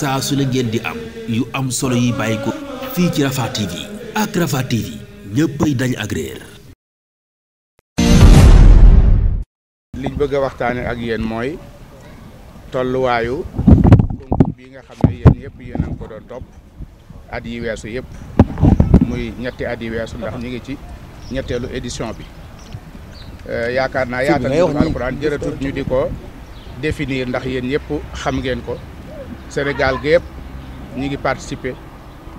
saa su ne ngeen di am yu am solo yi bàyyi ko fii ci Rafah TV ak Rafah TV ñëppay dañ ak réer liñ bëgg a waxtaane ak yéen mooy tolluwaayu concours bi nga xam ne yéen yëpp yéen a ko doon topp at yi weesu yëpp muy ñetti at yi weesu ndax ñu ngi ci ñetteelu édition bi euh, yaakaar naa yaatal alxuraan jërëtut ñu di ko définir ndax yéen yëpp xam ngeen ko Sénégal gi yëpp ñi ngi participer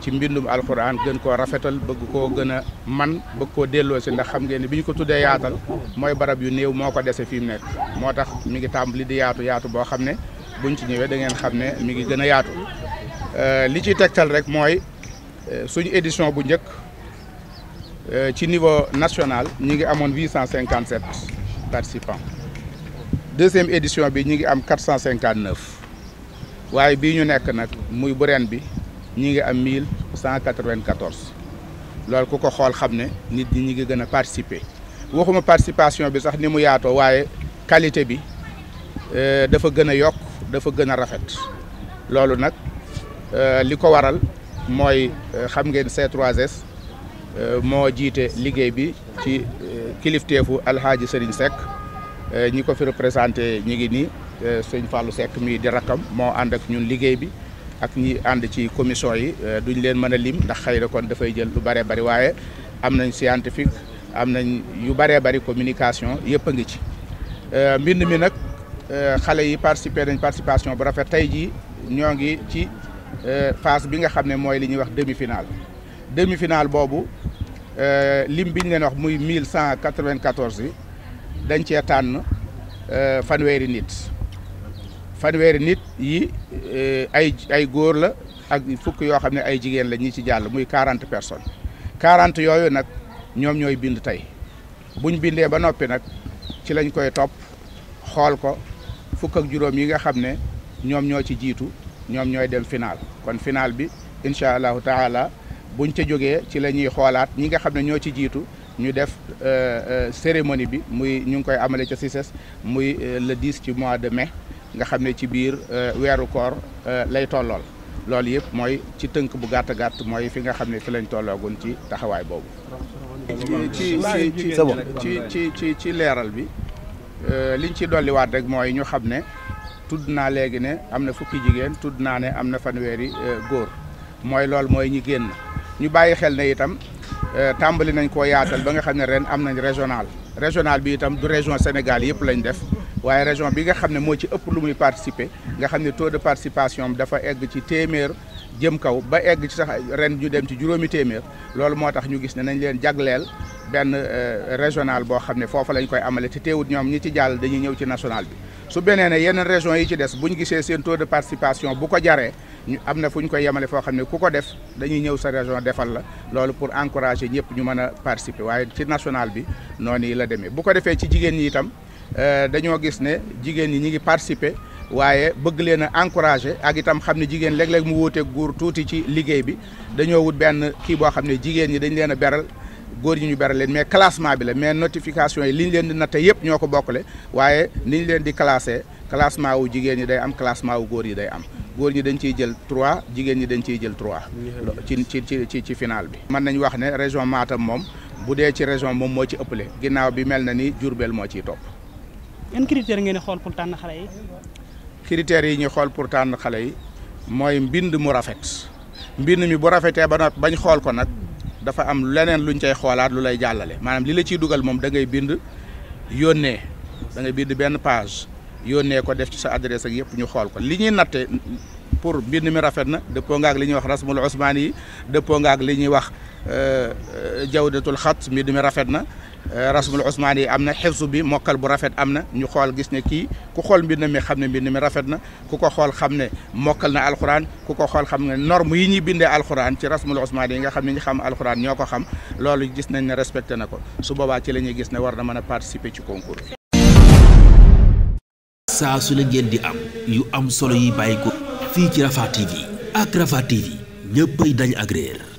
ci mbindum alxuraan gën ko rafetal bëgg koo gën a man bëgg koo delloo si ndax xam ngeen ne bi ñu ko tuddee yaatal mooy barab yu néew moo ko dese fi mu nekk moo tax mi ngi tàmbali di yaatu yaatu boo xam ne buñ ci ñëwee da ngeen xam ne mi ngi gën a yaatu euh, li ci tegtal rek mooy euh, suñu édition bu njëkk euh, ci niveau national ñi ngi amoon 857 participants deuxième édition bi ñi ngi am 459 waaye bii ñu nekk nag muy bu bi ñi ngi am mille cent quatre-vingt-quatorze loolu ku ko xool xam ne nit ñi ñi ngi gën a participer waxuma participation bi sax ni mu yaatoo waaye qualité bi euh, dafa gën a yokk dafa gën a rafet loolu nag euh, li ko waral mooy euh, xam ngeen C3S moo jiite liggéey bi ci kilifteefu alxaaji Serigne Seck ñi ko fi représenté ñi ngi nii Eh, sëñ Fallou sekk mii di rakam moo ànd ak ñun liggéey bi ak ñi ànd ci commission yi eh, duñ leen mën a lim ndax xëy na kon dafay jël lu bëree bari waaye am nañ scientifique am nañ yu bëree bari communication yëpp a ngi ci eh, mbind mi nag xale yi participer nañ participation bu rafet tey jii ñoo ngi ci phase bi nga xam ne mooy li ñuy wax demi finale demi finale boobu lim biñ leen wax muy mille cent quatre-vingt-quatorze yi dañ cee tànn fanweeri nit fanweeri nit yi eh, ay ay góor la ak fukk yoo xam ne ay jigéen la ñi ci jàll muy quarante personnes quarante yooyu nag ñoom ñooy bind tey buñ bindee ba noppi nag ci lañ koy topp xool ko fukk ak juróom yi nga xam ne ñoom ñoo ci jiitu ñoom ñooy dem finaal kon final bi incha allahu taala buñ ca jógee ci la ñuy xoolaat ñi nga xam ne ñoo ci jiitu ñu def eh, eh, cérémonie bi muy ñu ngi koy amalee ca CICES muy le 10 ci mois de mai nga xam ne ci biir euh, weeru koor euh, lay tollool loolu yëpp mooy ci tënk bu gàtt gàtt mooy fi nga xam ne fi lañ tolloogun ci taxawaay boobu. ci ci ci ci leeral bi euh, liñ ci dolliwaat rek mooy ñu xam ne tudd naa léegi ne am na fukki jigéen tudd naa ne am na fanweeri góor mooy loolu mooy ñi génn ñu bàyyi xel ne itam tàmbali nañ ko yaatal ba nga xam ne ren am nañ régional. régional bi itam du région Sénégal yëpp lañ def waaye région bi nga xam ne moo ci ëpp lu muy participer nga xam ne taux de participation am dafa egg ci téeméer jëm kaw ba egg ci sax ren ñu dem ci juróomi téeméer loolu moo tax ñu gis ne nañ leen jagleel benn euh, régional boo xam ne foofa lañ koy amale te teewut ñoom ñi ci jàll dañuy ñëw ci national bi su benee ne yeneen région yi ci des buñ gisee seen de participation bu ko jaree ñu am na fu ñu koy yemale foo xam ne ku ko def dañuy ñëw sa région defal la loolu pour encourager ñëpp ñu mën a participer waaye ci national bi noonu yi la demee bu ko defee ci jigéen ñi itam euh, dañoo gis ne jigéen ñi ñu ngi participer waaye bëgg leen a encourager ak itam xam ne jigéen léeg-léeg mu wuute góor tuuti ci liggéey bi dañoo wut benn kii boo xam ne jigéen ñi dañ leen a beral góor ñi ñu beral leen mais classement bi la mais notification yi li ñu leen di natte yëpp ñoo ko bokkale waaye ni ñu leen di classé classement wu jigéen ñi day am classement wu góor yi day am góor ñi dañ ciy jël trois jigéen ñi dañ ciy jël trois ci ci ci ci ci final bi mën nañ wax ne région Matam moom bu dee ci région moom moo ci ëppale ginnaaw bi mel na ni jur Diourbel moo ciy topp yan critères ngeen di xool pour tànn xale yi yi ñu xool pour tànn xale yi mooy mbind mu rafet mbind mi bu rafetee dafa am leneen lu ñu cay xoolaat lu lay jàllale maanaam li la ciy dugal moom dangay bind yónnee da bind benn page yónnee ko def ci sa adresse ak yëpp ñu xool ko li ñuy natte pour mbind mi rafet na dëppoo nga ak li ñuy wax rasmul osmaan yi dëppoo nga ak li ñuy wax euh, euh, jawdatul xat mbind mi rafet na Euh, rasmul usmaani yi am na xifsu bi mokkal bu rafet am na ñu xool gis ne kii ku xool mbind mi xam ne mbind mi rafet na ku ko xool xam ne mokkal na alxuraan ku ko xool xam ne norme yi ñuy bindee alxuraan ci rasmul usmaani yi nga xam ne ñu xam alxuraan ñoo ko xam loolu gis nañ ne respecté na ko su boobaa ci la ñuy gis ne war na mën a participer ci concours bi. saa su la ngeen di am yu am solo yi bàyyi ko fii ci Rafah yi ak Rafah TV ñëppay dañ agréer